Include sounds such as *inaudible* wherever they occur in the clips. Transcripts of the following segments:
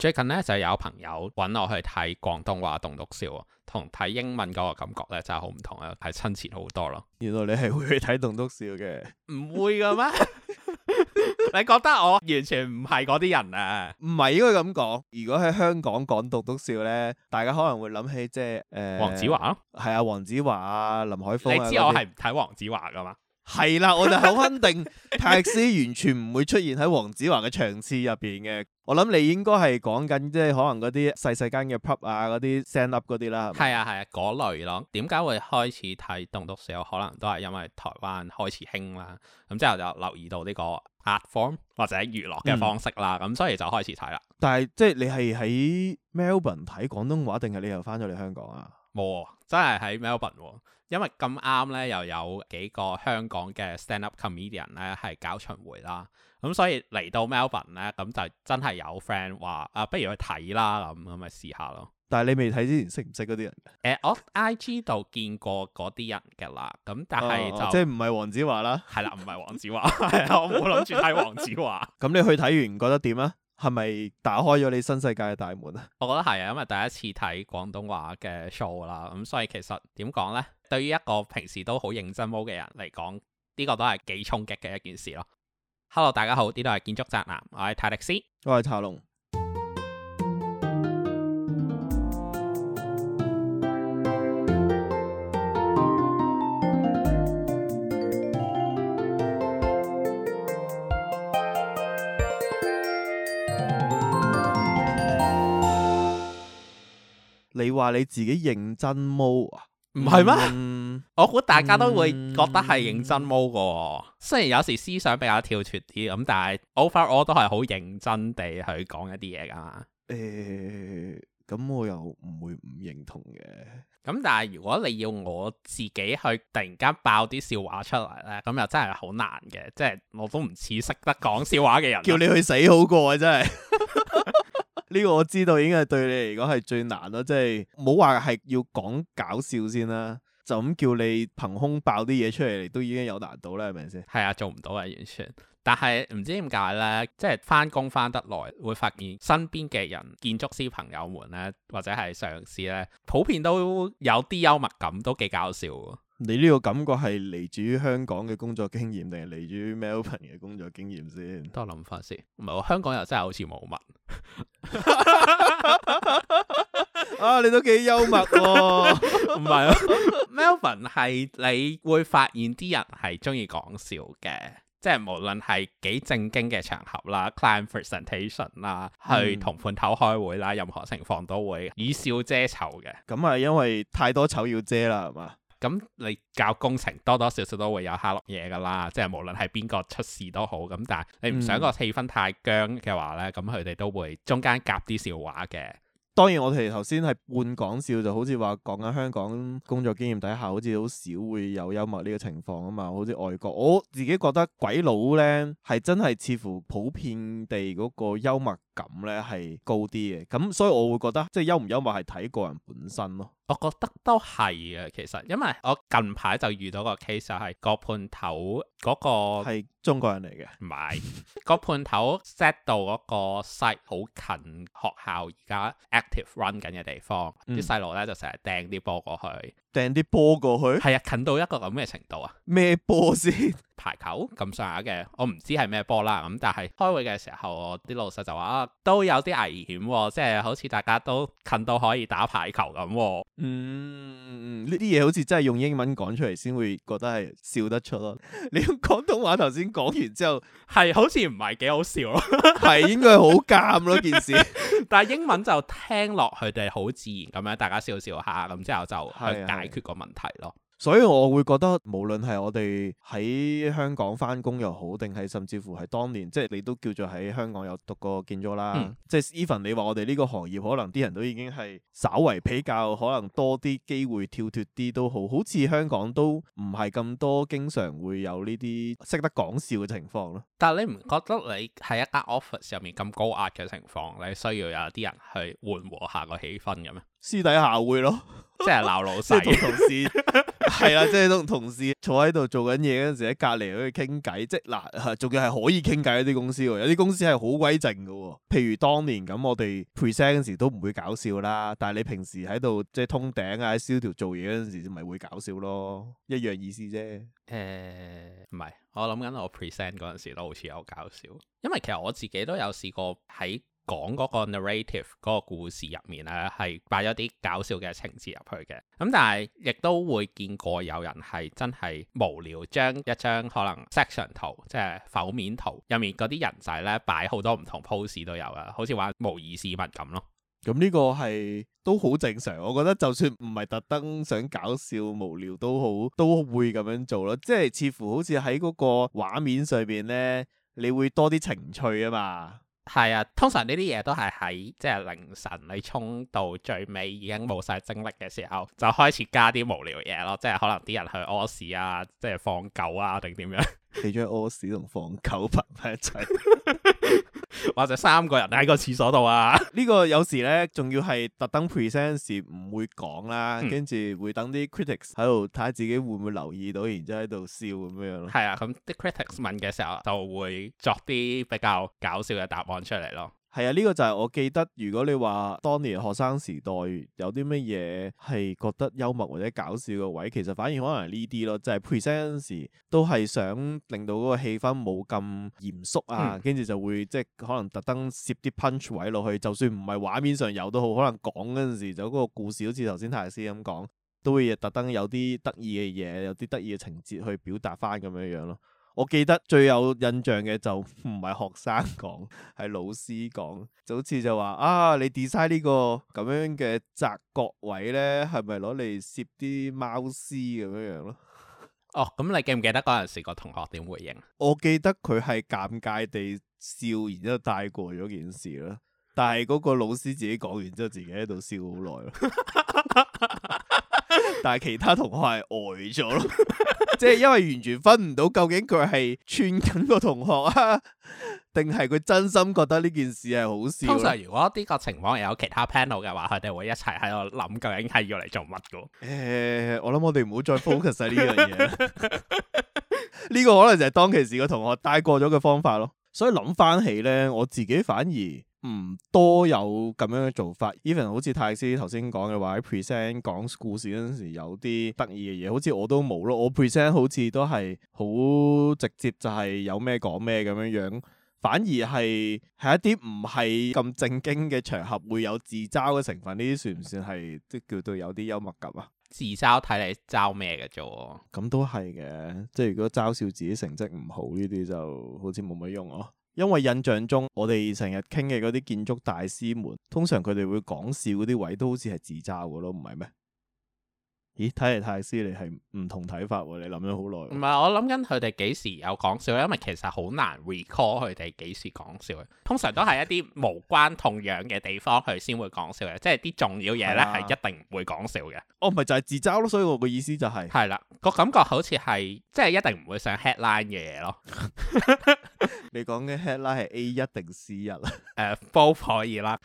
最近咧就有朋友揾我去睇廣東話棟篤笑，同睇英文嗰個感覺咧，就係好唔同啊，係親切好多咯。原來你係會去睇棟篤笑嘅？唔會噶咩？ *laughs* *laughs* 你覺得我完全唔係嗰啲人啊？唔係應該咁講。如果喺香港講棟篤笑咧，大家可能會諗起即係誒黃子華咯。係、呃、啊，黃子華啊，啊，華林海峰、啊。你知我係唔睇黃子華噶嘛？係啦，我就好肯定，泰 *noise* 斯樂完全唔會出現喺黃子華嘅場次入邊嘅。我諗你應該係講緊即係可能嗰啲細細間嘅 pub 啊，嗰啲 stand up 嗰啲啦。係啊係啊，嗰類咯。點解 *music* *music* 會開始睇棟篤笑時候可能都係因為台灣開始興啦，咁之後就留意到呢個 art form 或者娛樂嘅方式啦，咁所以就開始睇啦。但係即係你係喺 Melbourne 睇廣東話，定係你又翻咗嚟香港啊？冇啊、哦，真係喺 Melbourne，哦、因為咁啱咧又有幾個香港嘅 stand up comedian 咧係搞巡迴啦，咁、嗯、所以嚟到 Melbourne 咧，咁、嗯、就真係有 friend 話啊，不如去睇啦，咁咁咪試下咯。嗯嗯嗯、但係你未睇之前識唔識嗰啲人？誒，喺 IG 度見過嗰啲人嘅啦，咁但係就即係唔係黃子華啦，係 *laughs* 啦，唔係黃子華，係啊，我冇諗住睇黃子華。咁你去睇完覺得點啊？係咪打開咗你新世界嘅大門啊？我覺得係啊，因為第一次睇廣東話嘅 show 啦，咁所以其實點講呢？對於一個平時都好認真煲嘅人嚟講，呢個都係幾衝擊嘅一件事咯。Hello，大家好，呢度係建築宅男，我係泰迪斯，我係茶龍。你話你自己認真 mode，唔係咩？我估大家都會覺得係認真 mode 噶、哦。嗯、雖然有時思想比較跳脫啲，咁但係好快我都係好認真地去講一啲嘢噶嘛。咁、欸、我又唔會唔認同嘅。咁但係如果你要我自己去突然間爆啲笑話出嚟呢，咁又真係好難嘅。即係我都唔似識得講笑話嘅人，叫你去死好過啊！真係。 *laughs* *laughs* 呢個我知道應該係對你嚟講係最難啦，即係冇話係要講搞笑先啦，就咁叫你憑空爆啲嘢出嚟，你都已經有難度啦，係咪先？係啊，做唔到啊，完全。但係唔知點解咧，即係翻工翻得耐，會發現身邊嘅人、建築師朋友們咧，或者係上司咧，普遍都有啲幽默感，都幾搞笑。你呢個感覺係嚟自於香港嘅工作經驗，定係嚟自於 Melvin 嘅工作經驗先？多諗法先。唔係，香港又真係好似冇乜。 *laughs* *laughs* *laughs* 啊，你都幾幽默喎！唔係，Melvin 係你會發現啲人係中意講笑嘅，即係無論係幾正經嘅場合啦、client presentation 啦、去同判頭開會啦，任何情況都會以笑遮醜嘅。咁啊、嗯，因為太多醜要遮啦，係嘛？咁你搞工程多多少少都會有哈碌嘢噶啦，即係無論係邊個出事都好咁。但係你唔想個氣氛太僵嘅話咧，咁佢哋都會中間夾啲笑話嘅。當然我哋頭先係半講笑，就好似話講緊香港工作經驗底下，好似好少會有幽默呢個情況啊嘛。好似外國我自己覺得鬼佬咧係真係似乎普遍地嗰個幽默。咁咧係高啲嘅，咁所以我會覺得即係幽唔幽默係睇個人本身咯。我覺得都係嘅，其實，因為我近排就遇到個 case 就係、是、個判頭嗰、那個係中國人嚟嘅，唔係是 *laughs* 個判頭 set 到嗰個 site 好近學校而家 active run 緊嘅地方，啲細路咧就成日掟啲波過去，掟啲波過去，係啊，近到一個咁嘅程度啊，咩波先？排球咁上下嘅，我唔知係咩波啦。咁但係開會嘅時候，我啲老實就話啊，都有啲危險，哦，即係好似大家都近到可以打排球咁。嗯，呢啲嘢好似真係用英文講出嚟先會覺得係笑得出咯。你用廣東話頭先講完之後，係好似唔係幾好笑咯，係 *laughs* 應該好尷咯件事。 *laughs* 但係英文就聽落佢哋好自然咁樣，大家笑笑下，咁之後就去解決個問題咯。係係所以我會覺得，無論係我哋喺香港翻工又好，定係甚至乎係當年，即係你都叫做喺香港有讀過建築啦。嗯、即係 Even 你話我哋呢個行業可能啲人都已經係稍為比較可能多啲機會跳脱啲都好，好似香港都唔係咁多，經常會有呢啲識得講笑嘅情況咯。但係你唔覺得你喺一間 office 入面咁高壓嘅情況，你需要有啲人去緩和下個氣氛嘅咩？私底下會咯，即係鬧老細， *laughs* 同事係啦，即係同同事坐喺度做緊嘢嗰陣時，喺隔籬喺度傾偈。即係嗱，仲要係可以傾偈一啲公司喎，有啲公司係好鬼靜噶。譬如當年咁，我哋 present 嗰時都唔會搞笑啦，但係你平時喺度即係通頂啊、喺 s 燒條做嘢嗰陣時，咪會搞笑咯，一樣意思啫。誒、欸，唔係，我諗緊我 present 嗰陣時都好似有搞笑，因為其實我自己都有試過喺。講嗰個 narrative 嗰個故事入面咧，係擺咗啲搞笑嘅情節入去嘅。咁但係亦都會見過有人係真係無聊，將一張可能 section 圖，即係剖面圖入面嗰啲人仔咧，擺好多唔同 pose 都有啊，好似玩模擬市民咁咯。咁、這、呢個係都好正常。我覺得就算唔係特登想搞笑無聊，都好都會咁樣做咯。即係似乎好似喺嗰個畫面上邊咧，你會多啲情趣啊嘛。係啊，通常呢啲嘢都係喺，即係凌晨你衝到最尾已經冇晒精力嘅時候，就開始加啲無聊嘢咯，即係可能啲人去屙屎啊，即係放狗啊，定點樣？ *laughs* 你將屙屎同放狗拍埋一齊， *laughs* *laughs* 或者三個人喺個廁所度啊？呢個有時咧，仲要係特登 present 時唔會講啦，跟住、嗯、會等啲 critics 喺度睇下自己會唔會留意到，然之後喺度笑咁樣咯。係啊，咁、嗯、啲 critics 問嘅時候就會作啲比較搞笑嘅答案出嚟咯。係啊，呢個就係我記得，如果你話當年學生時代有啲乜嘢係覺得幽默或者搞笑嘅位，其實反而可能係呢啲咯，就係 present 嗰時都係想令到嗰個氣氛冇咁嚴肅啊，跟住就會即係可能特登攝啲 punch 位落去，就算唔係畫面上有都好，可能講嗰陣時就嗰個故事，好似頭先泰師咁講，都會有些有些特登有啲得意嘅嘢，有啲得意嘅情節去表達翻咁樣樣咯。我記得最有印象嘅就唔係學生講，係老師講，就好似就話啊，你 design 呢個咁樣嘅窄角位呢，係咪攞嚟攝啲貓絲咁樣樣咯？哦，咁你記唔記得嗰陣時個同學點回應？我記得佢係尷尬地笑，然之後帶過咗件事咯。但係嗰個老師自己講完之後，自己喺度笑好耐咯。 *laughs* 但係其他同學係呆咗咯。 *laughs* 即係因為完全分唔到究竟佢係串緊個同學啊，定係佢真心覺得呢件事係好笑。通常如果呢個情況有其他 panel 嘅話，佢哋會一齊喺度諗究竟係要嚟做乜嘅。誒、欸，我諗我哋唔好再 focus 喺呢樣嘢。呢個可能就係當其時個同學帶過咗嘅方法咯。所以諗翻起咧，我自己反而。唔、嗯、多有咁樣嘅做法，even 好似泰斯頭先講嘅話喺 present 講故事嗰陣時有啲得意嘅嘢，好似我都冇咯，我 present 好似都係好直接就係有咩講咩咁樣樣，反而係係一啲唔係咁正經嘅場合會有自嘲嘅成分，呢啲算唔算係即叫做有啲幽默感啊？自嘲睇你嘲咩嘅啫，咁都係嘅，即係如果嘲笑自己成績唔好呢啲就好似冇乜用囉。因為印象中，我哋成日傾嘅嗰啲建築大師們，通常佢哋會講笑嗰啲位，都好似係自嘲嘅咯，唔係咩？咦，睇嚟太師你係唔同睇法，你諗咗好耐。唔係，我諗緊佢哋幾時有講笑，因為其實好難 recall 佢哋幾時講笑嘅。通常都係一啲無關痛癢嘅地方，佢先會講笑嘅，即係啲重要嘢呢，係一定唔會講笑嘅，啊。哦，唔係就係自嘲咯，所以我嘅意思就係係啦，啊那個感覺好似係即係一定唔會上 headline 嘅嘢咯。 *laughs* 你講嘅 headline 係 A 一定 C 一啦，誒 both 可以啦。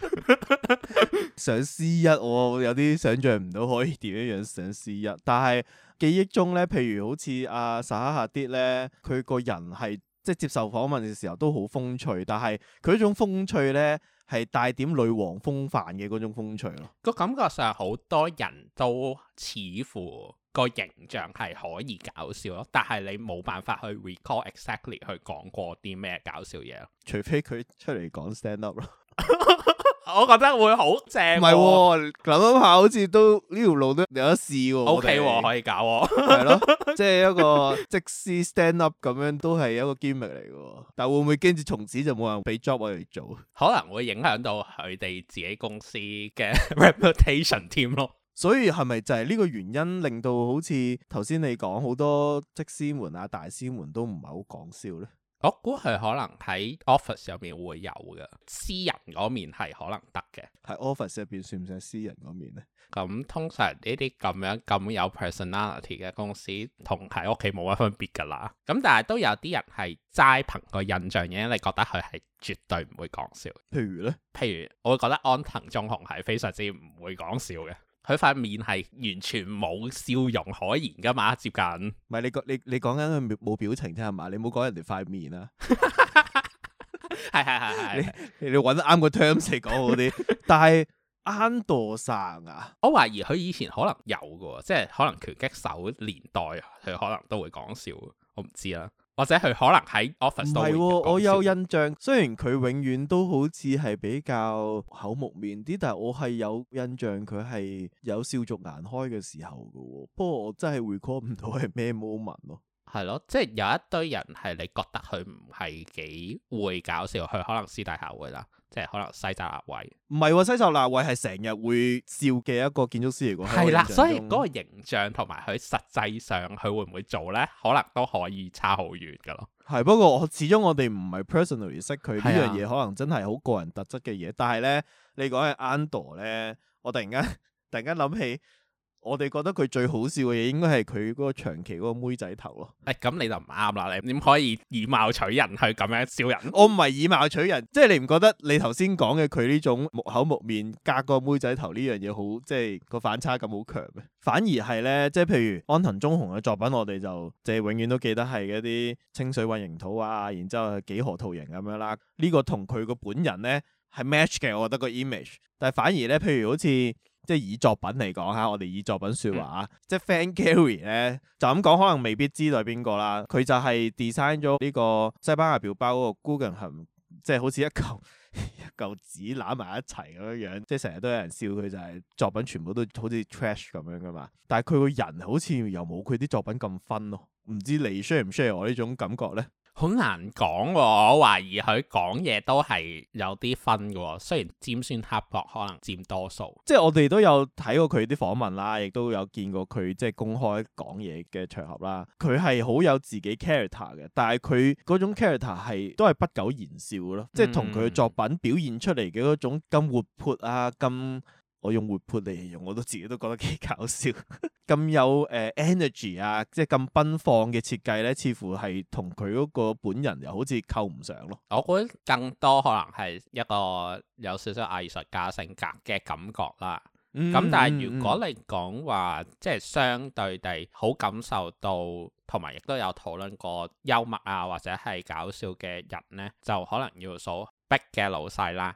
上 C 一我有啲想象唔到可以點樣樣上 C 一，但係記憶中咧，譬如好似阿撒哈迪咧，佢個人係即係接受訪問嘅時候都好風趣，但係佢一種風趣咧係帶點女王風範嘅嗰種風趣咯。個感覺上，好多人都似乎。個形象係可以搞笑咯，但係你冇辦法去 recall exactly 去講過啲咩搞笑嘢。除非佢出嚟講 stand up 咯 *laughs* ， *laughs* 我覺得會好正、哦、想想好正。唔係諗諗下，好似都呢條路都有得試喎。O Okay K，們、哦、可以搞、哦， *laughs* 係咯，即係一個即時 stand up 咁樣都係一個 game 嚟嘅。但係會唔會跟住從此就冇人俾 job 我嚟做？可能會影響到佢哋自己公司嘅 reputation 添咯。 *laughs* 所以係咪就係呢個原因令到好似頭先你講好多則師們啊大師們都唔係好講笑呢？我估係可能喺 office 入面會有噶，私人嗰面係可能得嘅。喺 office 入邊算唔算私人嗰面呢？咁、嗯、通常呢啲咁樣咁有 personality 嘅公司，同喺屋企冇乜分別噶啦。咁、嗯、但係都有啲人係齋憑個印象嘅，你覺得佢係絕對唔會講笑。譬如呢，譬如我會覺得安藤忠雄係非常之唔會講笑嘅。佢塊面係完全冇笑容可言噶嘛，接近。唔係你講你你講緊佢冇表情啫，係嘛？你冇講人哋塊面啊。係係係係。你你揾得啱個 terms 講好啲。但係啱多生啊，我懷疑佢以前可能有嘅，即係可能拳擊手年代佢可能都會講笑，我唔知啦。或者佢可能喺 office 度係、哦，我有印象。雖然佢永遠都好似係比較口木面啲，但係我係有印象佢係有笑逐顏開嘅時候噶、哦。不過我真係 record 唔到係咩 moment 咯。係咯、哦，即係有一堆人係你覺得佢唔係幾會搞笑，佢可能私底下會啦。即係可能西澤立衛，唔係喎，西澤立衛係成日會笑嘅一個建築師嚟講，係啦的，以所以嗰個形象同埋佢實際上佢會唔會做咧，可能都可以差好遠㗎囉。係，不過我始終我哋唔係 personally 識佢呢樣嘢，的可能真係好個人特質嘅嘢。但係咧，你講係 Andor 咧，我突然間 *laughs* 突然間諗起。我哋覺得佢最好笑嘅嘢，應該係佢嗰個長期嗰個妹仔頭咯。誒，咁你就唔啱啦！你點可以以貌取人係咁樣笑人？我唔係以貌取人，即係你唔覺得你頭先講嘅佢呢種木口木面加個妹仔頭呢樣嘢好，即係個反差感好強咩？反而係咧，即係譬如安藤忠雄嘅作品我，我哋就即係永遠都記得係一啲清水混凝土啊，然之後幾何圖形咁樣啦。呢、呢個同佢個本人咧係 match 嘅，我覺得個 image。但係反而咧，譬如好似。即係以作品嚟講嚇，我哋以作品説話啊！嗯、即係 Fan Gary 咧，就咁講，可能未必知道係邊個啦。佢就係 design 咗呢個西班牙表包嗰個 Guggenheim， *laughs* 即係好似一嚿一嚿紙攬埋一齊咁樣樣。即係成日都有人笑佢就係、是、作品全部都好似 trash 咁樣噶嘛。但係佢個人好似又冇佢啲作品咁 fun u、啊、咯。唔知你 share 唔 share 我呢種感覺咧？好難講，我懷疑佢講嘢都係有啲分嘅，雖然尖酸刻薄可能佔多數。即係我哋都有睇過佢啲訪問啦，亦都有見過佢即係公開講嘢嘅場合啦。佢係好有自己 character 嘅，但係佢嗰種 character 係都係不苟言笑咯。即係同佢作品表現出嚟嘅嗰種咁活潑啊，咁、嗯。嗯我用活潑嚟形容，我都自己都覺得幾搞笑，咁 *laughs* 有誒、呃、energy 啊，即係咁奔放嘅設計呢，似乎係同佢嗰個本人又好似扣唔上咯。我覺得更多可能係一個有少少藝術家性格嘅感覺啦。咁、嗯、但係如果你講話、嗯、即係相對地好感受到，同埋亦都有討論過幽默啊或者係搞笑嘅人呢，就可能要數 BIG 嘅老細啦。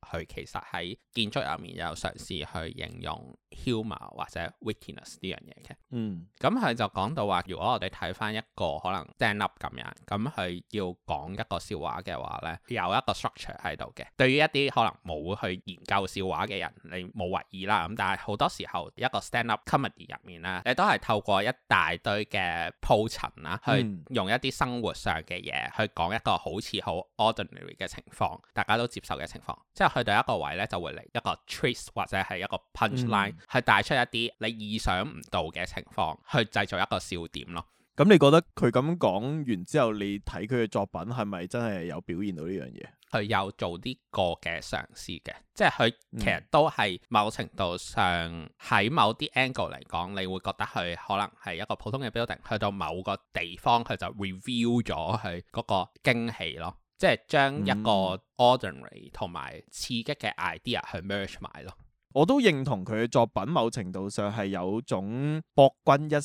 佢其實喺建築入面有嘗試去形容 humour 或者 wittiness 呢樣嘢嘅，嗯，咁佢就講到話，如果我哋睇翻一個可能 stand up 咁樣，咁佢要講一個笑話嘅話呢，有一個 structure 喺度嘅。對於一啲可能冇去研究笑話嘅人，你冇懷疑啦。咁但係好多時候一個 stand up comedy 入面呢，你都係透過一大堆嘅鋪陳啦，去用一啲生活上嘅嘢去講一個好似好 ordinary 嘅情況，大家都接受嘅情況，即係。去到一個位咧，就會嚟一個 twist 或者係一個 punch line，去帶、嗯、出一啲你意想唔到嘅情況，去製造一個笑點咯。咁你覺得佢咁講完之後，你睇佢嘅作品係咪真係有表現到呢樣嘢？佢有做呢個嘅嘗試嘅，即係佢其實都係某程度上喺、嗯、某啲 angle 嚟講，你會覺得佢可能係一個普通嘅 building，去到某個地方佢就 reveal 咗佢嗰個驚喜咯。即係將一個 ordinary 同埋刺激嘅 idea 去 merge 埋咯。我都認同佢嘅作品某程度上係有種博君一笑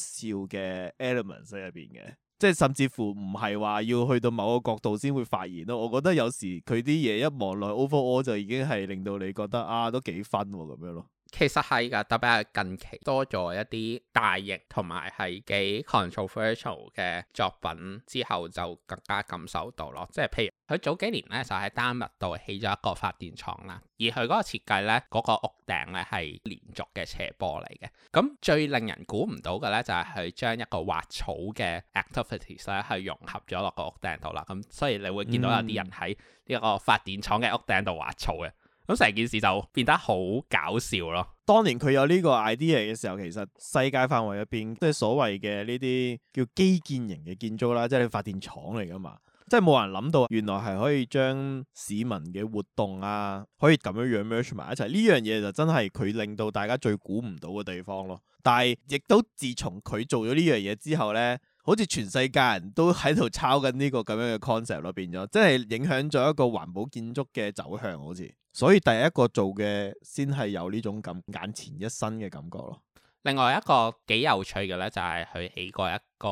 嘅 elements 喺入邊嘅，即係甚至乎唔係話要去到某個角度先會發現咯。我覺得有時佢啲嘢一望落 overall 就已經係令到你覺得啊都幾分喎、啊、咁樣咯。其實係㗎，特別係近期多咗一啲大型同埋係幾 controversial 嘅作品之後，就更加感受到咯。即係譬如佢早幾年咧就喺丹麥度起咗一個發電廠啦，而佢嗰個設計咧，嗰個屋頂咧係連續嘅斜玻璃嘅。咁最令人估唔到嘅咧就係佢將一個滑草嘅 activities 咧係融合咗落個屋頂度啦。咁所以你會見到有啲人喺呢個發電廠嘅屋頂度滑草嘅。咁成件事就變得好搞笑咯！當年佢有呢個 idea 嘅時候，其實世界範圍入邊，即係所謂嘅呢啲叫基建型嘅建築啦，即係你發電廠嚟噶嘛，即係冇人諗到，原來係可以將市民嘅活動啊，可以咁樣樣 merge 埋一齊。呢樣嘢就真係佢令到大家最估唔到嘅地方咯。但係亦都自從佢做咗呢樣嘢之後咧。好似全世界人都喺度抄緊呢個咁樣嘅 concept 咯，變咗即係影響咗一個環保建築嘅走向，好似。所以第一個做嘅先係有呢種感眼前一新嘅感覺咯。另外一個幾有趣嘅咧，就係佢起過一個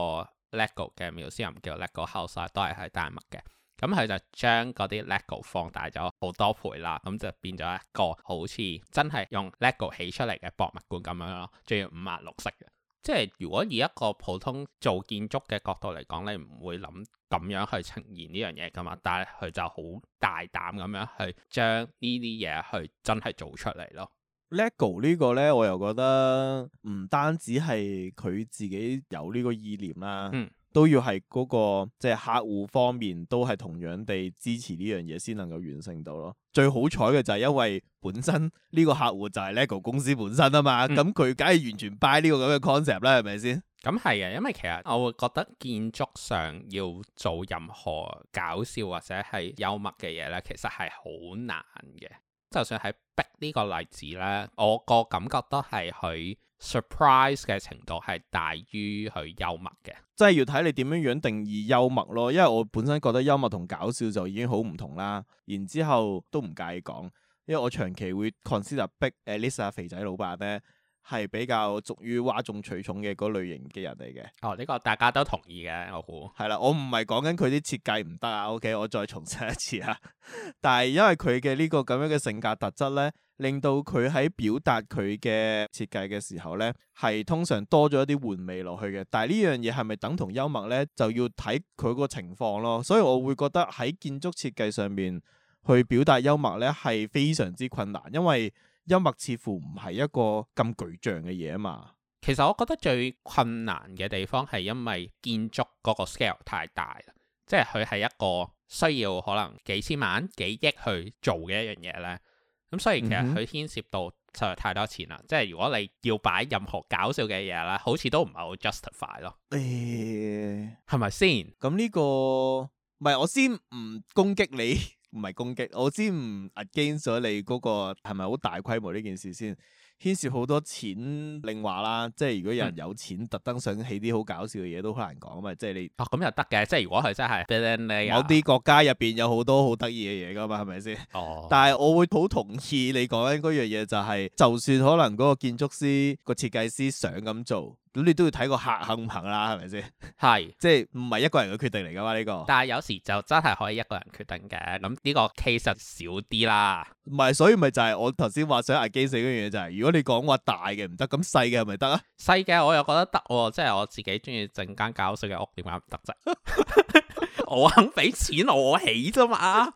Lego 嘅 museum 叫 Lego House，都係喺丹麥嘅。咁佢就將嗰啲 Lego 放大咗好多倍啦，咁就變咗一個好似真係用 Lego 起出嚟嘅博物館咁樣咯，仲要五顏六色嘅。即係如果以一個普通做建築嘅角度嚟講，你唔會諗咁樣去呈現呢樣嘢噶嘛，但係佢就好大膽咁樣去將呢啲嘢去真係做出嚟咯。Lego 呢個呢，我又覺得唔單止係佢自己有呢個意念啦。嗯都要係嗰、那個即係、就是、客戶方面都係同樣地支持呢樣嘢先能夠完成到咯。最好彩嘅就係因為本身呢個客戶就係 LEGO 公司本身啊嘛，咁佢梗係完全 buy 呢個咁嘅 concept 啦，係咪先？咁係啊，嗯、因為其實我會覺得建築上要做任何搞笑或者係幽默嘅嘢咧，其實係好難嘅。就算喺逼呢個例子咧，我個感覺都係佢。Surprise 嘅程度係大於去幽默嘅，即係要睇你點樣樣定義幽默咯。因為我本身覺得幽默同搞笑就已經好唔同啦。然之後都唔介意講，因為我長期會 consider 逼誒 Lisa 肥仔老爸咧。係比較屬於嘩眾取寵嘅嗰類型嘅人嚟嘅。哦，呢、呢個大家都同意嘅，我估。係啦，我唔係講緊佢啲設計唔得啊。O、OK, K，我再重申一次啊。 *laughs* 但係因為佢嘅呢個咁樣嘅性格特質呢，令到佢喺表達佢嘅設計嘅時候呢，係通常多咗一啲玩味落去嘅。但係呢樣嘢係咪等同幽默呢？就要睇佢個情況咯。所以我會覺得喺建築設計上面去表達幽默呢，係非常之困難，因為。幽默似乎唔係一個咁具象嘅嘢啊嘛，其實我覺得最困難嘅地方係因為建築嗰個 scale 太大啦，即係佢係一個需要可能幾千萬、幾億去做嘅一樣嘢咧，咁所以其實佢牽涉到實在太多錢啦，嗯、哼即係如果你要擺任何搞笑嘅嘢咧，好似都唔係好 justify 咯，誒、哎，係咪先？咁呢、嗯這個唔係我先唔攻擊你。唔係攻擊，我先唔 against 咗你嗰個係咪好大規模呢件事，先，牽涉好多錢，另話啦，即係如果有人有錢特登想起啲好搞笑嘅嘢都好難講啊嘛，即係你啊，咁又得嘅，即係如果佢真係有啲國家入邊有好多好得意嘅嘢噶嘛，係咪先？哦，但係我會好同意你講緊嗰樣嘢，就係就算可能嗰個建築師個設計師想咁做。咁你都要睇個客肯唔肯啦，係咪先？係，即係唔係一個人嘅決定嚟噶嘛呢個？但係有時就真係可以一個人決定嘅。咁呢個其實少啲啦。唔係，所以咪就係我頭先話想阿基死嗰樣嘢就係，如果你講話大嘅唔得，咁細嘅係咪得啊？細嘅 *laughs* 我又覺得得，即係我自己中意整間搞水嘅屋，點解唔得啫？我肯俾錢我起啫嘛，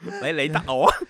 *laughs* 你你得我。 *laughs*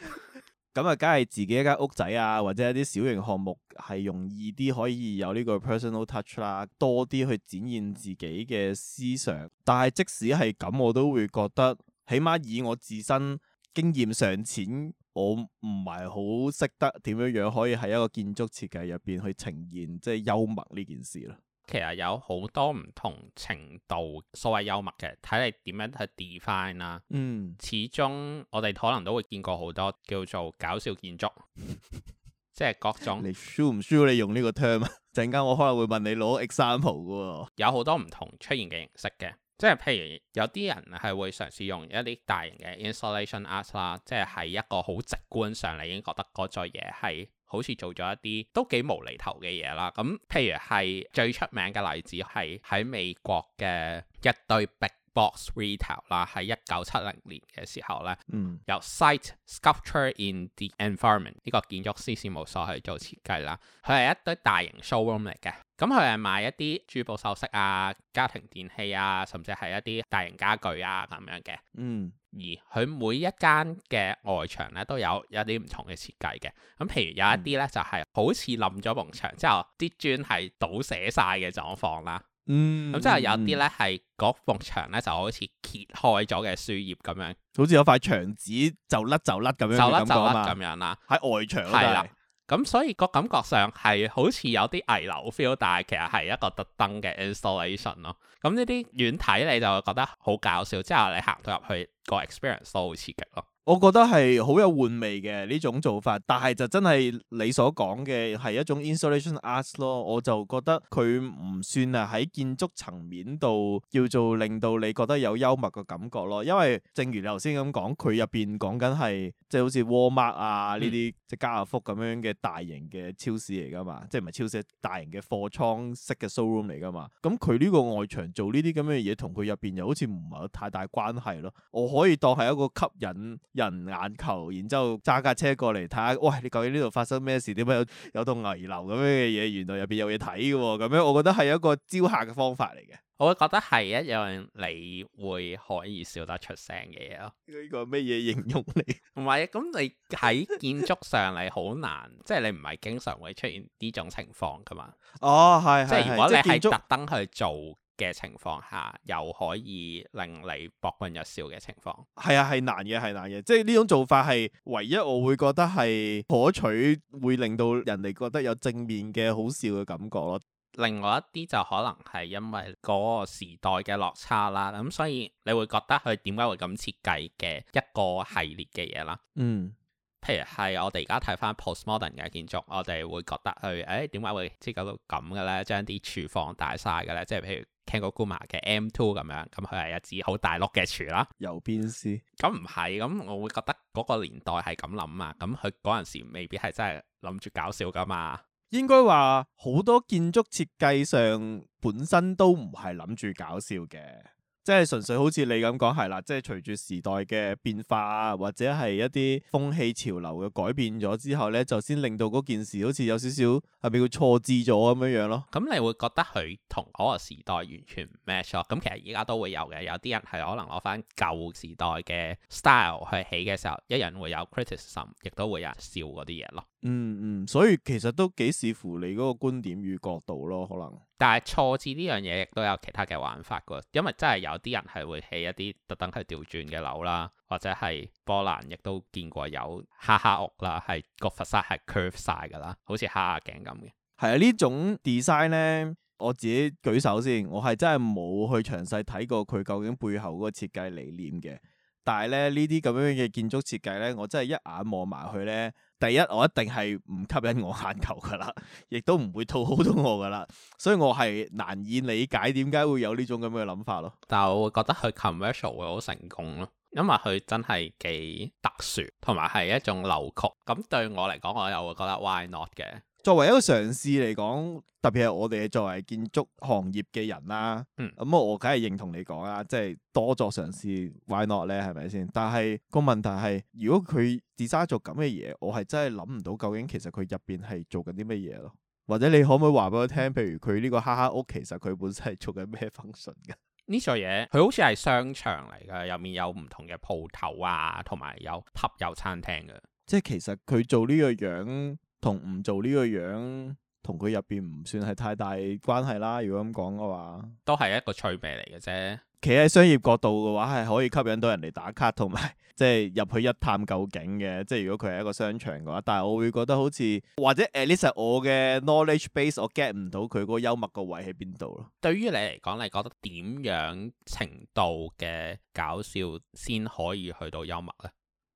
咁啊，梗係自己一間屋仔啊，或者一啲小型項目係容易啲，可以有呢個 personal touch 啦，多啲去展現自己嘅思想。但係即使係咁，我都會覺得，起碼以我自身經驗上淺，我唔係好識得點樣樣可以喺一個建築設計入邊去呈現即係幽默呢件事咯。其實有好多唔同程度所謂幽默嘅，睇你點樣去 define 啦。嗯，始終我哋可能都會見過好多叫做搞笑建築， *laughs* 即係各種。你 sure 唔 sure 你用呢個 term 啊？陣間我可能會問你攞 example 嘅。有好多唔同出現嘅形式嘅，即係譬如有啲人係會嘗試用一啲大型嘅 installation art 啦，即係喺一個好直觀上，你已經覺得嗰座嘢係。好似做咗一啲都幾無厘頭嘅嘢啦，咁譬如係最出名嘅例子係喺美國嘅一堆壁。Box Retail 啦，喺一九七零年嘅時候咧，嗯、由 Site Sculpture in the Environment 呢個建築師事務所去做設計啦。佢係一堆大型 showroom 嚟嘅，咁佢係賣一啲珠寶、首飾啊、家庭電器啊，甚至係一啲大型家具啊咁樣嘅。嗯，而佢每一間嘅外牆咧都有一啲唔同嘅設計嘅。咁譬如有一啲咧、嗯、就係好似冧咗幕牆之後，啲磚係倒寫晒嘅狀況啦。嗯，咁即係有啲咧，係嗰、嗯、幅牆咧就好似揭開咗嘅書頁咁樣，好似有塊牆紙就甩就甩咁樣就甩咗，咁樣啦，喺外牆都係，咁所以個感覺上係好似有啲危樓 feel，但係其實係一個特登嘅 installation 咯。咁呢啲遠睇你就覺得好搞笑，之後你行到入去個 experience 都好刺激咯。我覺得係好有玩味嘅呢種做法，但係就真係你所講嘅係一種 installation art 咯，我就覺得佢唔算係喺建築層面度叫做令到你覺得有幽默嘅感覺咯。因為正如你頭先咁講，佢入邊講緊係即係好似 Walmart 啊，呢啲即係家樂福咁樣嘅大型嘅超市嚟噶嘛。嗯、即係唔係超市，大型嘅貨倉式嘅 showroom 嚟噶嘛。咁佢呢個外牆做呢啲咁嘅嘢，同佢入邊又好似唔係有太大關係咯。我可以當係一個吸引人眼球，然之後揸架車過嚟睇下，喂，你究竟呢度發生咩事？點解有有棟危樓咁樣嘅嘢？原來入邊有嘢睇㗎喎，咁樣我覺得係一個招客嘅方法嚟嘅。我覺得係一樣你會可以笑得出聲嘅嘢咯。呢個係咩嘢形容你？唔係，咁你喺建築上嚟好難，即係 *laughs* 你唔係經常會出現呢種情況㗎嘛？哦，係，即係是如果你係特登去做。嘅情況下，又可以令你博君一笑嘅情況，係啊，係難嘅，係難嘅，即係呢種做法係唯一我會覺得係可取，會令到人哋覺得有正面嘅好笑嘅感覺咯。另外一啲就可能係因為嗰個時代嘅落差啦，咁所以你會覺得佢點解會咁設計嘅一個系列嘅嘢啦？嗯，譬如係我哋而家睇翻 postmodern 嘅建築，我哋會覺得佢，誒點解會設計到咁嘅咧？將啲廚房大晒嘅咧，即係譬如。聽個姑媽嘅 M2 咁樣，咁佢係一支好大碌嘅柱啦，右邊師，咁唔係，咁我會覺得嗰個年代係咁諗啊，咁佢嗰陣時未必係真係諗住搞笑噶嘛，應該話好多建築設計上本身都唔係諗住搞笑嘅。即係純粹好似你咁講係啦，即係隨住時代嘅變化啊，或者係一啲風氣潮流嘅改變咗之後咧，就先令到嗰件事好似有少少係俾佢錯置咗咁樣樣咯。咁、嗯、你會覺得佢同嗰個時代完全唔 match 咯。咁、嗯、其實而家都會有嘅，有啲人係可能攞翻舊時代嘅 style 去起嘅時候，一人會有 criticism，亦都會有人笑嗰啲嘢咯。嗯嗯，所以其實都幾視乎你嗰個觀點與角度咯，可能。但係錯字呢樣嘢亦都有其他嘅玩法噶，因為真係有啲人係會起一啲特登去調轉嘅樓啦，或者係波蘭亦都見過有哈哈屋啦，係個佛山係 curve 晒噶啦，好似哈哈鏡咁嘅。係啊，呢種 design 呢，我自己舉手先，我係真係冇去詳細睇過佢究竟背後嗰個設計理念嘅。但係咧，這這呢啲咁樣嘅建築設計咧，我真係一眼望埋去咧，第一我一定係唔吸引我眼球㗎啦，亦都唔會討好到我㗎啦，所以我係難以理解點解會有呢種咁嘅諗法咯。但係我會覺得佢 commercial 會好成功咯，因為佢真係幾特殊，同埋係一種扭曲。咁對我嚟講，我又會覺得 why not 嘅。作為一個嘗試嚟講，特別係我哋作為建築行業嘅人啦，咁、嗯嗯、我梗係認同你講啦，即係多作嘗試，why not 咧？係咪先？但係個問題係，如果佢自 e 做咁嘅嘢，我係真係諗唔到究竟其實佢入邊係做緊啲乜嘢咯？或者你可唔可以話俾我聽？譬如佢呢個哈哈屋，其實佢本身係做緊咩風順嘅？呢座嘢佢好似係商場嚟噶，入面有唔同嘅鋪頭啊，同埋有吸油餐廳嘅。即係其實佢做呢個樣。同唔做呢個樣，同佢入邊唔算係太大關係啦。如果咁講嘅話，都係一個趣味嚟嘅啫。企喺商業角度嘅話，係可以吸引到人嚟打卡，同埋即係入去一探究竟嘅。即係如果佢係一個商場嘅話，但係我會覺得好似或者至少我嘅 knowledge base 我 get 唔到佢嗰個幽默個位喺邊度咯。對於你嚟講，你覺得點樣程度嘅搞笑先可以去到幽默咧？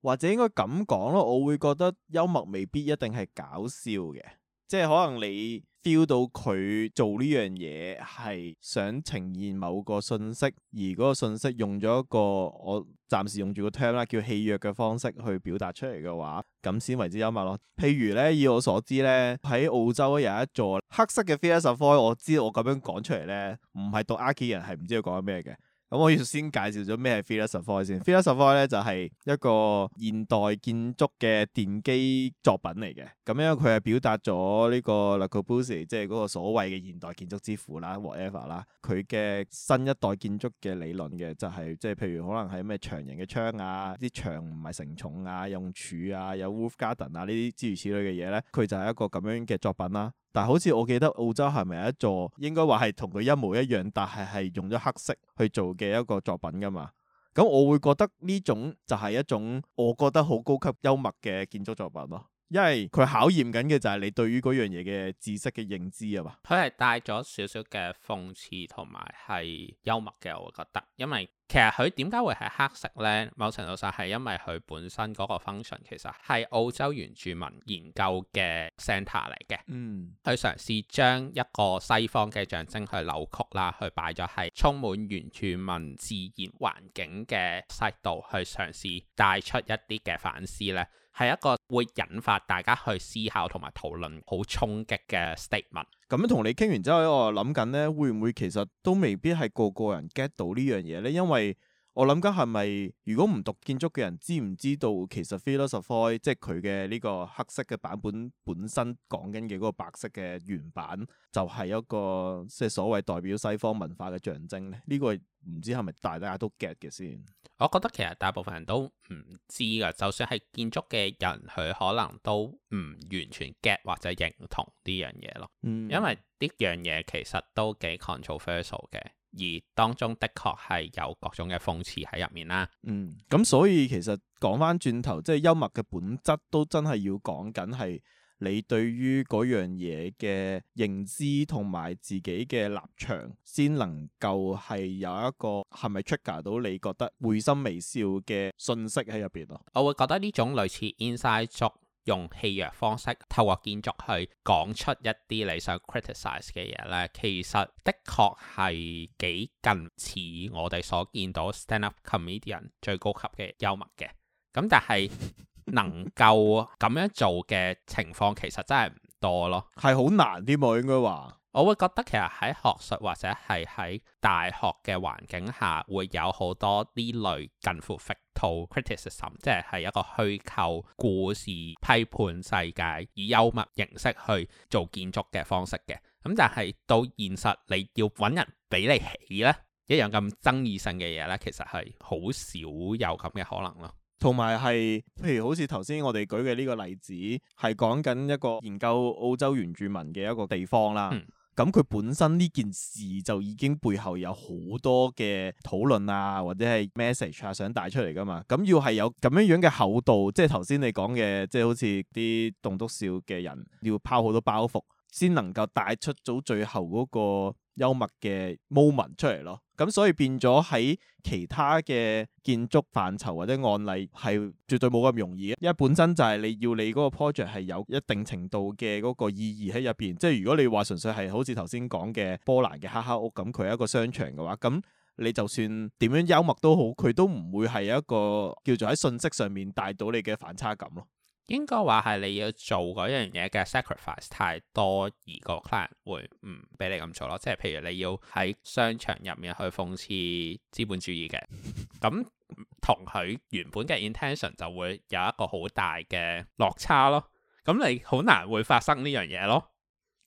或者應該咁講咯，我會覺得幽默未必一定係搞笑嘅，即係可能你 feel 到佢做呢樣嘢係想呈現某個信息，而嗰個信息用咗一個我暫時用住個 term 啦，叫戲謔嘅方式去表達出嚟嘅話，咁先為之幽默咯。譬如咧，以我所知咧，喺澳洲有一座黑色嘅 fearless boy，我知道我咁樣講出嚟咧，唔係讀 archi 人，係唔知道講緊咩嘅。咁我要先介紹咗咩係 Villa Savoye 先。Villa Savoye 咧就係一個現代建築嘅奠基作品嚟嘅。咁因為佢係表達咗呢個 Le Corbusier 即係嗰個所謂嘅現代建築之父啦，whatever 啦，佢嘅新一代建築嘅理論嘅，就係，就係即係譬如可能係咩長形嘅窗啊，啲牆唔係承重啊，用柱啊，有 roof garden 啊之呢啲諸如此類嘅嘢咧，佢就係一個咁樣嘅作品啦。但好似我記得澳洲係咪一座應該話係同佢一模一樣，但係係用咗黑色去做嘅一個作品㗎嘛？咁我會覺得呢種就係一種我覺得好高級幽默嘅建築作品咯，因為佢考驗緊嘅就係你對於嗰樣嘢嘅知識嘅認知啊嘛。佢係帶咗少少嘅諷刺同埋係幽默嘅，我覺得，因為。其實佢點解會係黑色呢？某程度上係因為佢本身嗰個 function 其實係澳洲原住民研究嘅 center 嚟嘅。嗯，佢嘗試將一個西方嘅象徵去扭曲啦，去擺咗喺充滿原住民自然環境嘅 site 度，去嘗試帶出一啲嘅反思呢，係一個會引發大家去思考同埋討論好衝擊嘅 statement。咁樣同你傾完之後我，我諗緊呢，會唔會其實都未必係個個人 get 到呢樣嘢呢？因為我諗緊係咪，如果唔讀建築嘅人，知唔知道其實 philosophy 即係佢嘅呢個黑色嘅版本本身講緊嘅嗰個白色嘅原版，就係一個即係所謂代表西方文化嘅象徵咧？呢個唔知係咪大家都 get 嘅先？我覺得其實大部分人都唔知㗎，就算係建築嘅人，佢可能都唔完全 get 或者認同呢樣嘢咯。嗯，因為呢樣嘢其實都幾 controversial 嘅。而當中的確係有各種嘅諷刺喺入面啦。嗯，咁所以其實講返轉頭，即係幽默嘅本質都真係要講緊係你對於嗰樣嘢嘅認知同埋自己嘅立場，先能夠係有一個係咪 trigger 到你覺得會心微笑嘅信息喺入邊咯。我會覺得呢種類似 inside joke 用戲謔方式，透過建築去講出一啲你想 criticize 嘅嘢咧，其實的確係幾近似我哋所見到 stand-up comedian 最高級嘅幽默嘅。咁但係能夠咁樣做嘅情況其實真係唔多咯，係好 *laughs* *laughs* 難啲喎，應該話。我會覺得其實喺學術或者係喺大學嘅環境下，會有好多呢類近乎肥套 criticism，即係一個虛構故事批判世界以幽默形式去做建築嘅方式嘅。咁但係到現實，你要揾人俾你起呢一樣咁爭議性嘅嘢，呢其實係好少有咁嘅可能咯。同埋係譬如好似頭先我哋舉嘅呢個例子，係講緊一個研究澳洲原住民嘅一個地方啦。嗯咁佢本身呢件事就已經背後有好多嘅討論啊，或者係 message 啊，想帶出嚟噶嘛。咁要係有咁樣樣嘅厚度，即係頭先你講嘅，即係好似啲棟篤笑嘅人，要拋好多包袱，先能夠帶出咗最後嗰個幽默嘅 moment 出嚟咯。咁所以變咗喺其他嘅建築範疇或者案例，係絕對冇咁容易，因為本身就係你要你嗰個 project 係有一定程度嘅嗰個意義喺入邊，即係如果你話純粹係好似頭先講嘅波蘭嘅黑黑屋咁，佢係一個商場嘅話，咁你就算點樣幽默都好，佢都唔會係一個叫做喺信息上面帶到你嘅反差感咯。應該話係你要做嗰樣嘢嘅 sacrifice 太多而個 client 會唔俾你咁做咯，即係譬如你要喺商場入面去諷刺資本主義嘅，咁同佢原本嘅 intention 就會有一個好大嘅落差咯，咁你好難會發生呢樣嘢咯。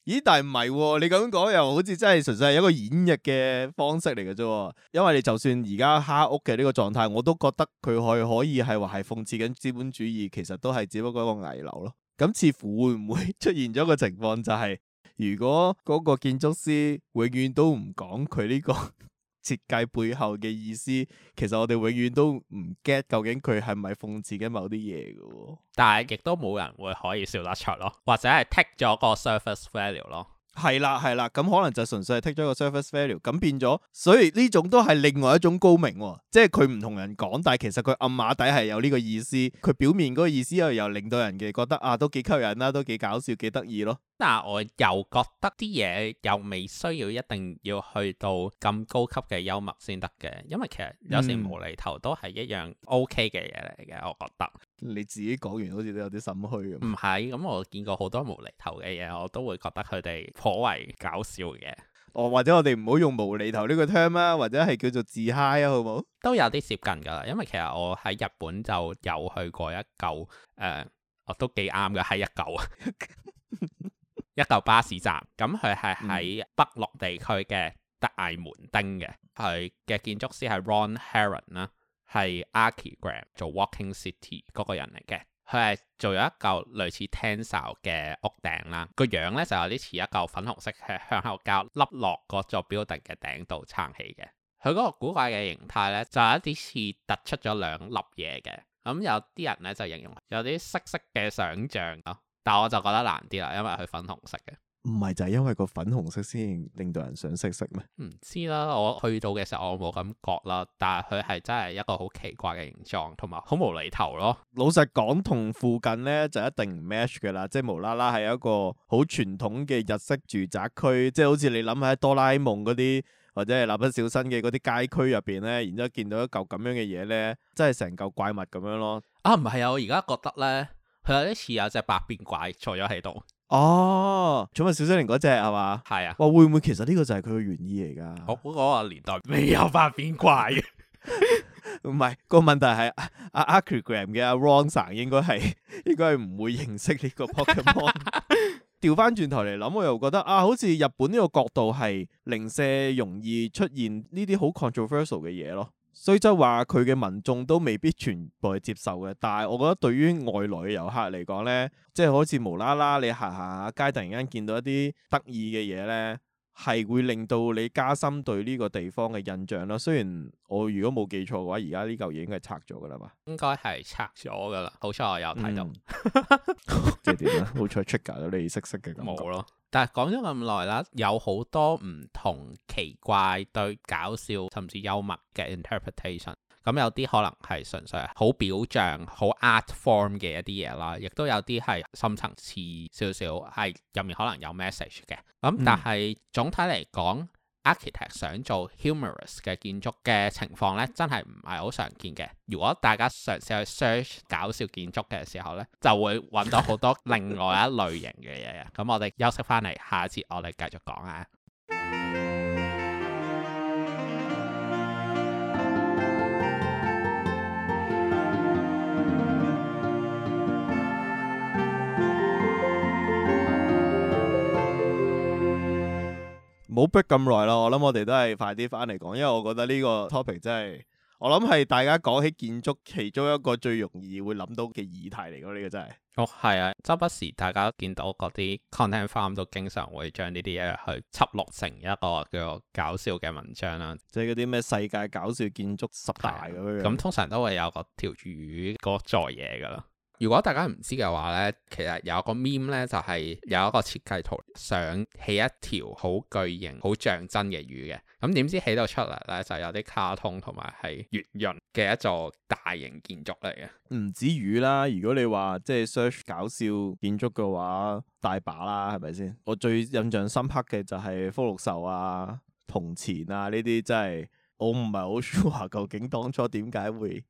咦？但係唔係？你咁講又好似真係純粹係一個演繹嘅方式嚟嘅啫。因為你就算而家蝦屋嘅呢個狀態，我都覺得佢可可以係話係諷刺緊資本主義，其實都係只不過一個危樓咯。咁似乎會唔會出現咗個情況，就係，就係如果嗰個建築師永遠都唔講佢呢個？ *laughs* 設計背後嘅意思，其實我哋永遠都唔 get 究竟佢係咪諷刺緊某啲嘢嘅，但係亦都冇人會可以笑得出咯，或者係 take 咗個 surface value 咯。係啦係啦，咁可能就純粹係 take 咗個 surface value，咁變咗，所以呢種都係另外一種高明，即係佢唔同人講，但係其實佢暗馬底係有呢個意思，佢表面嗰個意思又，又令到人哋覺得啊都幾吸引啦，都幾搞笑，幾得意咯。但我又覺得啲嘢，又未需要一定要去到咁高級嘅幽默先得嘅，因為其實有時無厘頭都係一樣 OK 嘅嘢嚟嘅，我覺得。你自己講完好似都有啲心虛咁。唔係，咁、嗯、我見過好多無厘頭嘅嘢，我都會覺得佢哋頗為搞笑嘅。哦，或者我哋唔好用無厘頭呢個 term 啦、啊，或者係叫做自嗨啊，好冇？都有啲接近噶，因為其實我喺日本就有去過一舊，誒、呃，我都幾啱嘅，係一舊。 *laughs* 一嚿巴士站，咁佢係喺北洛地區嘅大艾門丁嘅，佢嘅建築師係 Ron h e r o n 啦，係 ArchiGram 做 Walking City 嗰個人嚟嘅，佢係做咗一嚿類似 t e n t a l e 嘅屋頂啦，個樣咧就有啲似一嚿粉紅色，向後交粒落嗰座 building 嘅頂度撐起嘅，佢嗰個古怪嘅形態咧就有一啲似突出咗兩粒嘢嘅，咁、嗯、有啲人咧就形容有啲色色嘅想像咯。但我就覺得難啲啦，因為佢粉紅色嘅。唔係就係因為個粉紅色先令到人想食食咩？唔知啦，我去到嘅時候我冇感覺啦，但係佢係真係一個好奇怪嘅形狀，同埋好無厘頭咯。老實講，同附近咧就一定唔 match 㗎啦，即係無啦啦係一個好傳統嘅日式住宅區，即係好似你諗喺哆啦 A 夢嗰啲或者係蠟筆小新嘅嗰啲街區入邊咧，然之後見到一嚿咁樣嘅嘢咧，真係成嚿怪物咁樣咯。啊，唔係啊，我而家覺得咧～佢有一次有隻百變怪坐咗喺度。哦，寵物小精靈嗰隻係嘛？係啊。哇，會唔會其實呢個就係佢嘅原意嚟噶？我嗰個年代未有百變怪。唔係個問題係阿 Archigram 嘅阿 Ronson 應該係應該係唔會認識呢個 Pokemon。調翻轉頭嚟諗，我又覺得啊，好似日本呢個角度係零舍容易出現呢啲好 controversial 嘅嘢咯。所以即話佢嘅民眾都未必全部係接受嘅，但係我覺得對於外來嘅遊客嚟講咧，即係好似無啦啦你行下街，突然間見到一啲得意嘅嘢咧，係會令到你加深對呢個地方嘅印象咯。雖然我如果冇記錯嘅話，而家呢嚿嘢應該係拆咗㗎啦嘛，應該係拆咗㗎啦，好彩我有睇到，嗯、 *laughs* *laughs* 即係點啊？好彩出街都係識識嘅感覺。但係講咗咁耐啦，有好多唔同奇怪、對搞笑甚至幽默嘅 interpretation。咁有啲可能係純粹係好表象、好 art form 嘅一啲嘢啦，亦都有啲係深層次少少係入面可能有 message 嘅。咁但係總體嚟講，嗯 Architect 想做 humorous 嘅建築嘅情況咧，真係唔係好常見嘅。如果大家嘗試去 search 搞笑建築嘅時候咧，就會揾到好多另外一類型嘅嘢。咁 *laughs* 我哋休息翻嚟，下一節我哋繼續講啊。 *music* 冇逼咁耐咯，我諗我哋都係快啲返嚟講，因為我覺得呢個 topic 真係，我諗係大家講起建築其中一個最容易會諗到嘅議題嚟，嗰、這、呢個真係。哦，係啊，周不時大家都見到嗰啲 content farm 都經常會將呢啲嘢去輯錄成一個叫做搞笑嘅文章啦，即係嗰啲咩世界搞笑建築十大咁樣。咁通常都會有個條魚嗰座嘢㗎喇。如果大家唔知嘅話咧，其實有一個 meme 咧就係有一個設計圖，想起一條好巨型、好像真嘅魚嘅。咁點知起到出嚟咧，就有啲卡通同埋係圓潤嘅一座大型建築嚟嘅。唔止魚啦，如果你話即係 search 搞笑建築嘅話，大把啦，係咪先？我最印象深刻嘅就係福祿壽啊、銅錢啊呢啲，真係。我唔係好 sure 究竟當初點解會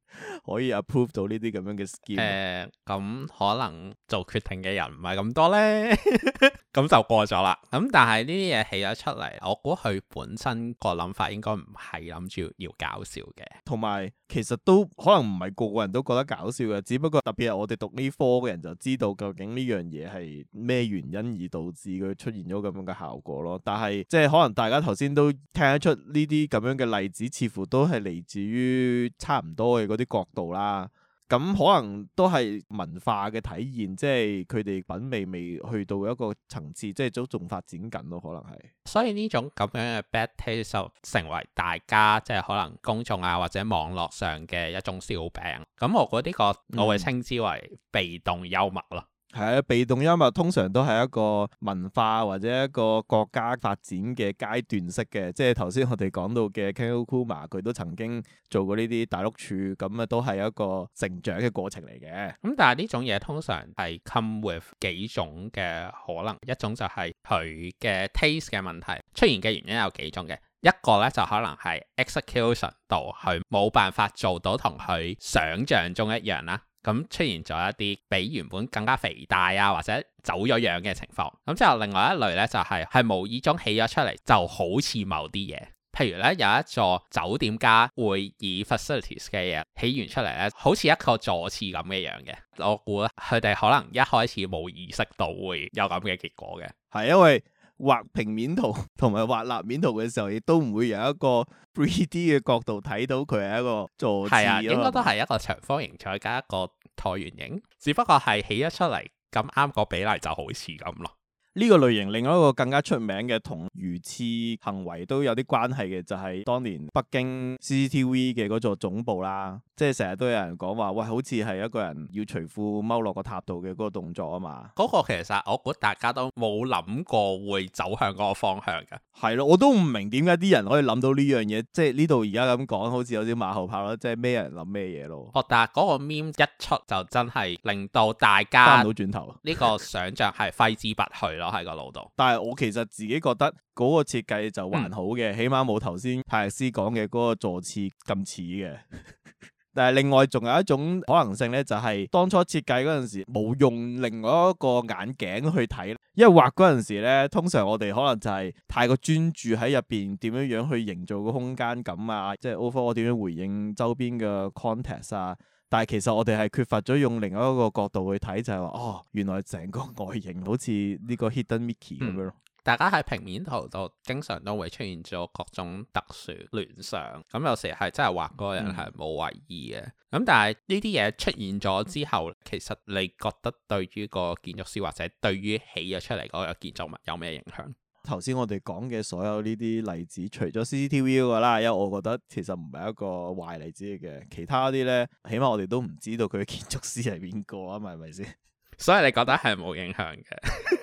可以 approve 到呢啲咁樣嘅 scheme 誒、呃，咁、嗯、可能做決定嘅人唔係咁多咧。 *laughs* 咁就過咗啦，咁、嗯、但係呢啲嘢起咗出嚟，我估佢本身個諗法應該唔係諗住要搞笑嘅，同埋其實都可能唔係個個人都覺得搞笑嘅，只不過特別係我哋讀呢科嘅人就知道究竟呢樣嘢係咩原因而導致佢出現咗咁樣嘅效果咯。但係即係可能大家頭先都聽得出呢啲咁樣嘅例子，似乎都係嚟自於差唔多嘅嗰啲角度啦。咁可能都係文化嘅體驗，即係佢哋品味未去到一個層次，即係都仲發展緊咯，可能係。所以呢種咁樣嘅 bad taste 就成為大家即係、就是、可能公眾啊或者網絡上嘅一種笑柄。咁我覺得呢個我會稱之為被動幽默咯。嗯。係啊，被動音樂通常都係一個文化或者一個國家發展嘅階段式嘅，即係頭先我哋講到嘅 Kengo Kuma 佢都曾經做過呢啲大陸處，咁啊都係一個成長嘅過程嚟嘅。咁、嗯、但係呢種嘢通常係 come with 幾種嘅可能，一種就係佢嘅 taste 嘅問題出現嘅原因有幾種嘅，一個咧就可能係 execution 度佢冇辦法做到同佢想象中一樣啦。咁出現咗一啲比原本更加肥大啊，或者走咗樣嘅情況。咁之後另外一類咧就係係無意中起咗出嚟，就好似某啲嘢，譬如咧有一座酒店加會議 facilities 嘅嘢起完出嚟咧，好似一個座廁咁嘅樣嘅。我估佢哋可能一開始冇意識到會有咁嘅結果嘅，係因為。畫平面圖同埋畫立面圖嘅時候，亦都唔會有一個 3D 嘅角度睇到佢係一個坐廁咯。係啊，應該都係一個長方形，再加一個橢圓形，只不過係起咗出嚟咁啱個比例就好似咁咯。呢個類型，另外一個更加出名嘅同如廁行為都有啲關係嘅，就係、是、當年北京 CCTV 嘅嗰座總部啦。即係成日都有人講話，喂，好似係一個人要除褲踎落個塔度嘅嗰個動作啊嘛。嗰個其實我估大家都冇諗過會走向嗰個方向嘅。係咯，我都唔明點解啲人可以諗到呢樣嘢，即係呢度而家咁講，好似有啲馬後炮咯，即係咩人諗咩嘢咯。哦，但係嗰個 meme 一出就真係令到大家翻唔到轉頭。呢個想像係揮之不去咯，喺個腦度。 *laughs* 但係我其實自己覺得嗰個設計就還好嘅，嗯、起碼冇頭先泰勒斯講嘅嗰個坐廁咁似嘅。 *laughs* *laughs* 但係另外仲有一種可能性咧，就係當初設計嗰陣時冇用另外一個眼鏡去睇，因為畫嗰陣時咧，通常我哋可能就係太過專注喺入邊點樣樣去營造個空間感啊，即係 overall 點樣回應周邊嘅 context 啊。但係其實我哋係缺乏咗用另外一個角度去睇，就係話，哦，原來成個外形好似呢個 hidden Mickey 咁樣、嗯。大家喺平面圖度，經常都會出現咗各種特殊聯想，咁有時係真係畫嗰個人係冇為意嘅，咁、嗯、但係呢啲嘢出現咗之後，其實你覺得對於個建築師或者對於起咗出嚟嗰個建築物有咩影響？頭先我哋講嘅所有呢啲例子，除咗 CCTV 噶、那、啦、個，因為我覺得其實唔係一個壞例子嘅，其他啲呢，起碼我哋都唔知道佢嘅建築師係邊個啊，係咪先？所以你覺得係冇影響嘅？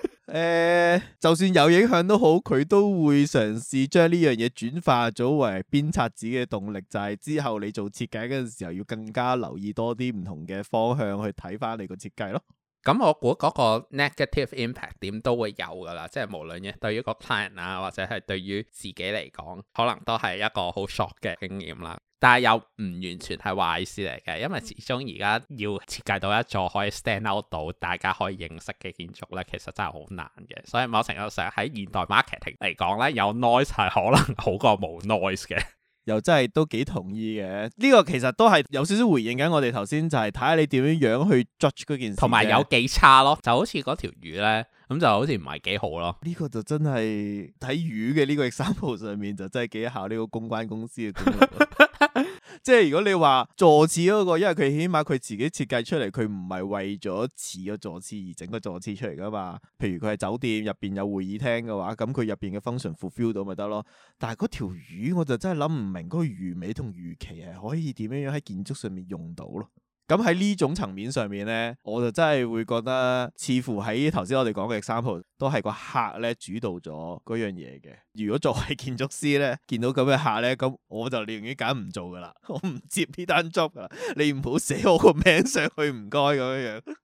*laughs* 誒、呃，就算有影響都好，佢都會嘗試將呢樣嘢轉化咗為鞭策自己嘅動力，就係、是、之後你做設計嘅時候，要更加留意多啲唔同嘅方向去睇翻你個設計咯。咁我估嗰個 negative impact 點都會有噶啦，即係無論嘅對於個 client 啊，或者係對於自己嚟講，可能都係一個好 short 嘅經驗啦。但係又唔完全係壞事嚟嘅，因為始終而家要設計到一座可以 stand out 到大家可以認識嘅建築咧，其實真係好難嘅。所以某程度上喺現代 marketing 嚟講咧，有 noise 係可能好過冇 noise 嘅。又真係都幾同意嘅。呢個其實都係有少少回應緊我哋頭先就係睇下你點樣樣去 judge 嗰件事，同埋有幾差咯。就好似嗰條魚咧，咁就好似唔係幾好咯。呢個就真係睇魚嘅呢個 example 上面就真係幾考呢個公關公司 *laughs* *laughs* 即係如果你話坐廁嗰個，因為佢起碼佢自己設計出嚟，佢唔係為咗似個坐廁而整個坐廁出嚟噶嘛。譬如，佢係酒店入邊有會議廳嘅話，咁佢入邊嘅 function fulfill 到咪得咯。但係嗰條魚我就真係諗唔明，嗰個魚尾同魚鰭係可以點樣樣喺建築上面用到咯。咁喺呢種層面上面咧，我就真係會覺得，似乎喺頭先我哋講嘅 example 都係個客咧主導咗嗰樣嘢嘅。如果作為建築師咧，見到咁嘅客咧，咁我就寧願揀唔做㗎喇，我唔接呢單 job 㗎喇，你唔好寫我個名上去，唔該咁樣樣。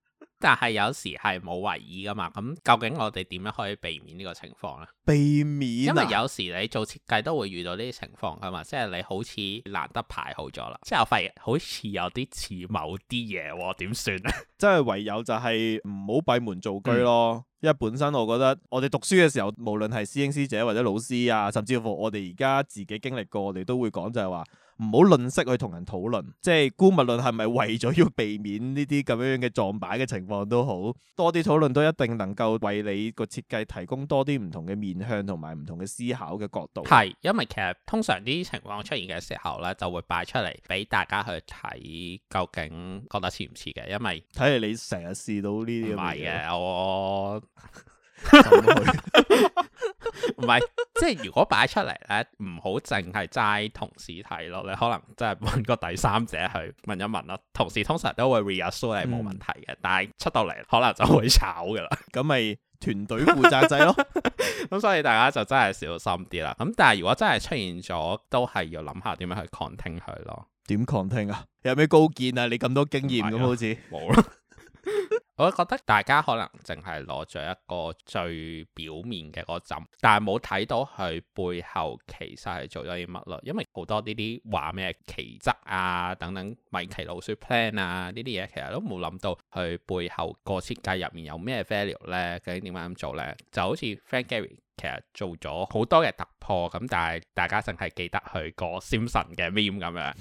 但係有時係冇懷意噶嘛，咁究竟我哋點樣可以避免呢個情況呢？避免、啊，因為有時你做設計都會遇到呢啲情況噶嘛，即係你好似難得排好咗啦，之後發現，好似有啲似某啲嘢喎，點算咧？即係唯有就係唔好閉門造車咯，嗯、因為本身我覺得我哋讀書嘅時候，無論係師兄師姐或者老師啊，甚至乎我哋而家自己經歷過，我哋都會講就係話。唔好吝嗇去同人討論，即係姑勿論係咪為咗要避免呢啲咁樣嘅撞板嘅情況都好，多啲討論都一定能夠為你個設計提供多啲唔同嘅面向同埋唔同嘅思考嘅角度。係，因為其實通常呢啲情況出現嘅時候咧，就會擺出嚟俾大家去睇，究竟覺得似唔似嘅？因為睇嚟你成日試到呢啲嘢。係嘅，我。 *laughs* 唔係，即係如果擺出嚟，咧，唔好淨係齋同事睇咯，你可能即係揾個第三者去問一問咯。同事通常都會 reassure 你冇問題嘅，嗯、但係出到嚟，可能就會炒噶啦。咁咪團隊負責制咯。咁 *laughs* *laughs* 所以大家就真係小心啲啦。咁但係如果真係出現咗，都係要諗下點樣去 contact 佢咯。點 contact 啊？有咩高見啊？你咁多經驗咁， *laughs* 啊、好似冇啦。有 *laughs* 我覺得大家可能淨係攞咗一個最表面嘅嗰浸，但係冇睇到佢背後其實係做咗啲乜咯。因為好多呢啲話咩奇蹟啊等等，米奇老鼠 plan 啊呢啲嘢，其實都冇諗到佢背後個設計入面有咩 value 咧？究竟點解咁做咧？就好似 Frank Gehry。其實做咗好多嘅突破，咁但係大家淨係記得佢個 Simpson 嘅 meme 咁樣，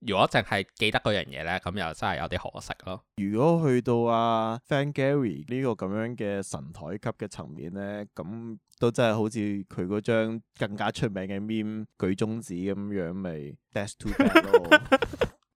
如果淨係記得嗰樣嘢咧，咁又真係有啲可惜咯。如果去到啊 Frank Gehry 呢個咁樣嘅神台級嘅層面咧，咁都真係好似佢嗰張更加出名嘅 meme 舉中指咁樣，咪 that's too bad 咯。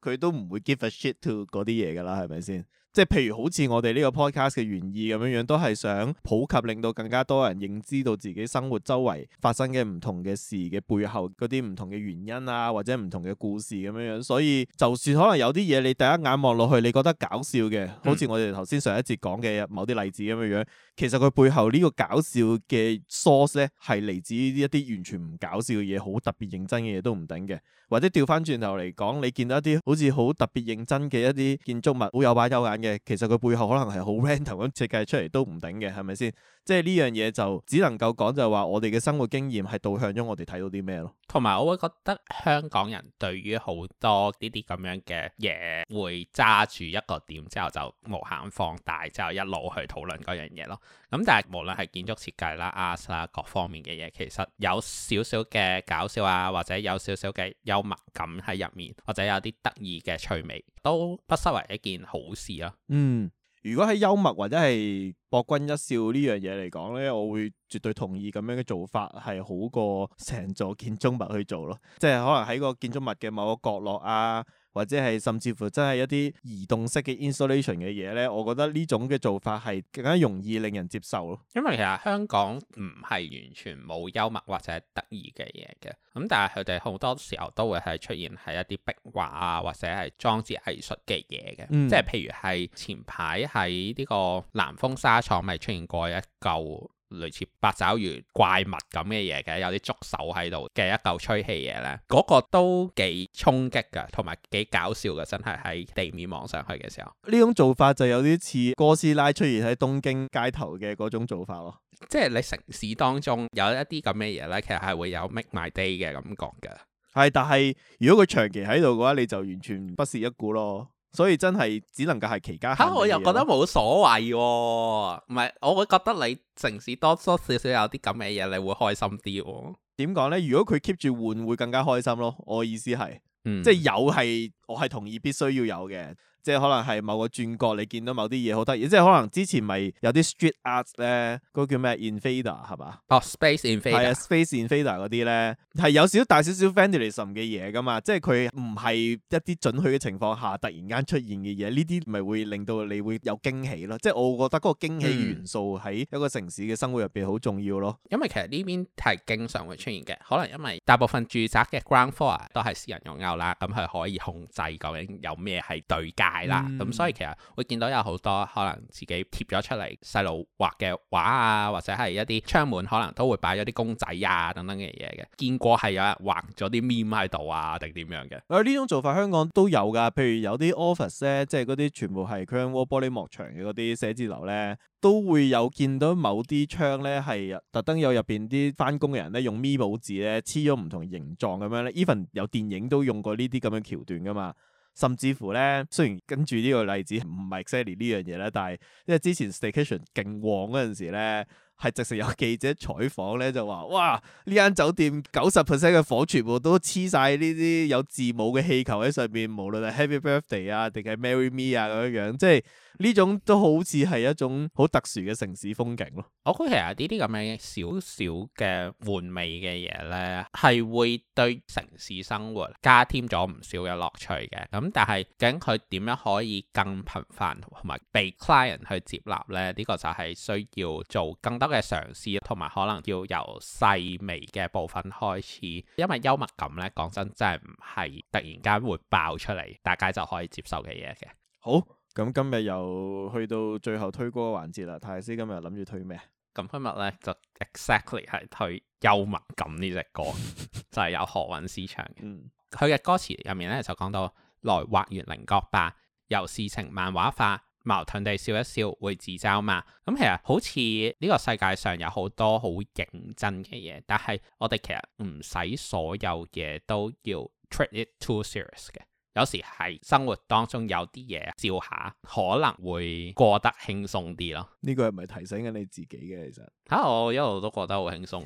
佢 *laughs* *laughs* 都唔會 give a shit to 嗰啲嘢噶啦，係咪先？即係譬如好似我哋呢個 podcast 嘅原意咁樣樣，都係想普及，令到更加多人認知到自己生活周圍發生嘅唔同嘅事嘅背後嗰啲唔同嘅原因啊，或者唔同嘅故事咁樣樣。所以就算可能有啲嘢你第一眼望落去，你覺得搞笑嘅，好似我哋頭先上一節講嘅某啲例子咁樣樣，其實佢背後呢個搞笑嘅 source 咧，係嚟自於一啲完全唔搞笑嘅嘢，好特別認真嘅嘢都唔定嘅。或者調翻轉頭嚟講，你見到一啲好似好特別認真嘅一啲建築物，好有板有眼。嘅，其實佢背後可能係好 random 咁設計出嚟都唔定嘅，係咪先？即係呢樣嘢就只能夠講就話我哋嘅生活經驗係導向咗我哋睇到啲咩咯。同埋我會覺得香港人對於好多呢啲咁樣嘅嘢會揸住一個點之後就無限放大，之後一路去討論嗰樣嘢咯。咁但係無論係建築設計啦、art 啦、啊、各方面嘅嘢，其實有少少嘅搞笑啊，或者有少少嘅幽默感喺入面，或者有啲得意嘅趣味，都不失為一件好事咯。嗯，如果喺幽默或者係博君一笑呢樣嘢嚟講咧，我會絕對同意咁樣嘅做法，係好過成座建築物去做咯，即係可能喺個建築物嘅某個角落啊。或者係甚至乎真係一啲移動式嘅 installation 嘅嘢呢，我覺得呢種嘅做法係更加容易令人接受咯。因為其實香港唔係完全冇幽默或者得意嘅嘢嘅，咁但係佢哋好多時候都會係出現係一啲壁畫啊，或者係裝置藝術嘅嘢嘅，嗯、即係譬如係前排喺呢個南豐紗廠咪出現過一嚿，類似八爪魚怪物咁嘅嘢嘅，有啲觸手喺度嘅一嚿吹氣嘢咧，嗰、嗰個都幾衝擊噶，同埋幾搞笑噶，真係喺地面望上去嘅時候。呢種做法就有啲似哥斯拉出現喺東京街頭嘅嗰種做法咯，即係你城市當中有一啲咁嘅嘢咧，其實係會有 make my day 嘅感覺噶。係，但係如果佢長期喺度嘅話，你就完全不屑一顧咯。所以真係只能夠係其家吓，我又覺得冇所謂、哦，唔係我會覺得你城市多多少少有啲咁嘅嘢，你會開心啲、哦。點講咧？如果佢 keep 住換，會更加開心咯。我嘅意思係，嗯、即係有係，我係同意必須要有嘅。即係可能係某個轉角，你見到某啲嘢好得意。即係可能之前咪有啲 street art 咧，嗰、那個叫咩 Invader 係嘛？哦、oh，Space Invader 係啊，Space Invader 嗰啲咧係有少大少少 vandalism 嘅嘢噶嘛。即係佢唔係一啲準許嘅情況下突然間出現嘅嘢。呢啲咪會令到你會有驚喜咯。即係我覺得嗰個驚喜元素喺一個城市嘅生活入邊好重要咯、嗯。因為其實呢邊係經常會出現嘅。可能因為大部分住宅嘅 ground floor 都係私人擁有啦，咁佢可以控制究竟有咩係對價。啦，咁、嗯、所以其實會見到有好多可能自己貼咗出嚟細路畫嘅畫啊，或者係一啲窗門可能都會擺咗啲公仔啊等等嘅嘢嘅。見過係有人畫咗啲 meme 喺度啊，定點樣嘅？啊、嗯，呢種做法香港都有噶，譬如有啲 office 咧，即係嗰啲全部係 curtain wall 玻璃幕牆嘅嗰啲寫字樓咧，都會有見到某啲窗咧係特登有入邊啲翻工嘅人咧用 memo 紙咧黐咗唔同形狀咁樣咧。even 有電影都用過呢啲咁樣橋段噶嘛。甚至乎咧，雖然跟住呢個例子唔係 exactly 呢樣嘢咧，但係因為之前 staycation 勁旺嗰陣時咧。係直情有記者採訪咧，就話：哇！呢間酒店九十 percent 嘅火全部都黐晒。呢啲有字母嘅氣球喺上面，無論係 Happy Birthday 啊，定係 Marry Me 啊咁樣樣，即係呢種都好似係一種好特殊嘅城市風景咯。我覺得其實呢啲咁嘅少少嘅玩味嘅嘢咧，係會對城市生活加添咗唔少嘅樂趣嘅。咁但係究竟佢點樣可以更頻繁同埋被 client 去接納咧？呢個就係需要做更得嘅嘗試，同埋可能要由細微嘅部分開始，因為幽默感咧，講真真係唔係突然間會爆出嚟，大家就可以接受嘅嘢嘅。好，咁今日又去到最後推歌環節啦。泰斯今日諗住推咩？咁今日咧就 exactly 係推幽默感呢隻歌， *laughs* 就係有何韻詩唱嘅。嗯，佢嘅歌詞入面咧就講到來畫完靈角吧，由事情漫畫化。矛盾地笑一笑，會自嘲嘛？咁、嗯、其實好似呢個世界上有好多好認真嘅嘢，但係我哋其實唔使所有嘢都要 treat it too serious 嘅。有時係生活當中有啲嘢笑下，可能會過得輕鬆啲咯。呢個係咪提醒緊你自己嘅？其實吓、啊，我一路都覺得好輕鬆。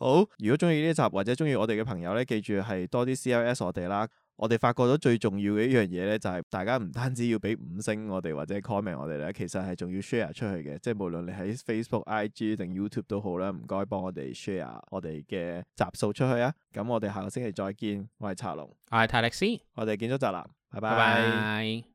好，如果中意呢集或者中意我哋嘅朋友咧，記住係多啲 C L S 我哋啦。我哋發覺咗最重要嘅一樣嘢咧，就係大家唔單止要俾五星我哋或者 comment 我哋咧，其實係仲要 share 出去嘅，即係無論你喺 Facebook、IG 定 YouTube 都好啦，唔該幫我哋 share 我哋嘅集數出去啊！咁我哋下個星期再見，我係策龍，我係泰力斯，我哋見咗宅男，拜拜。Bye bye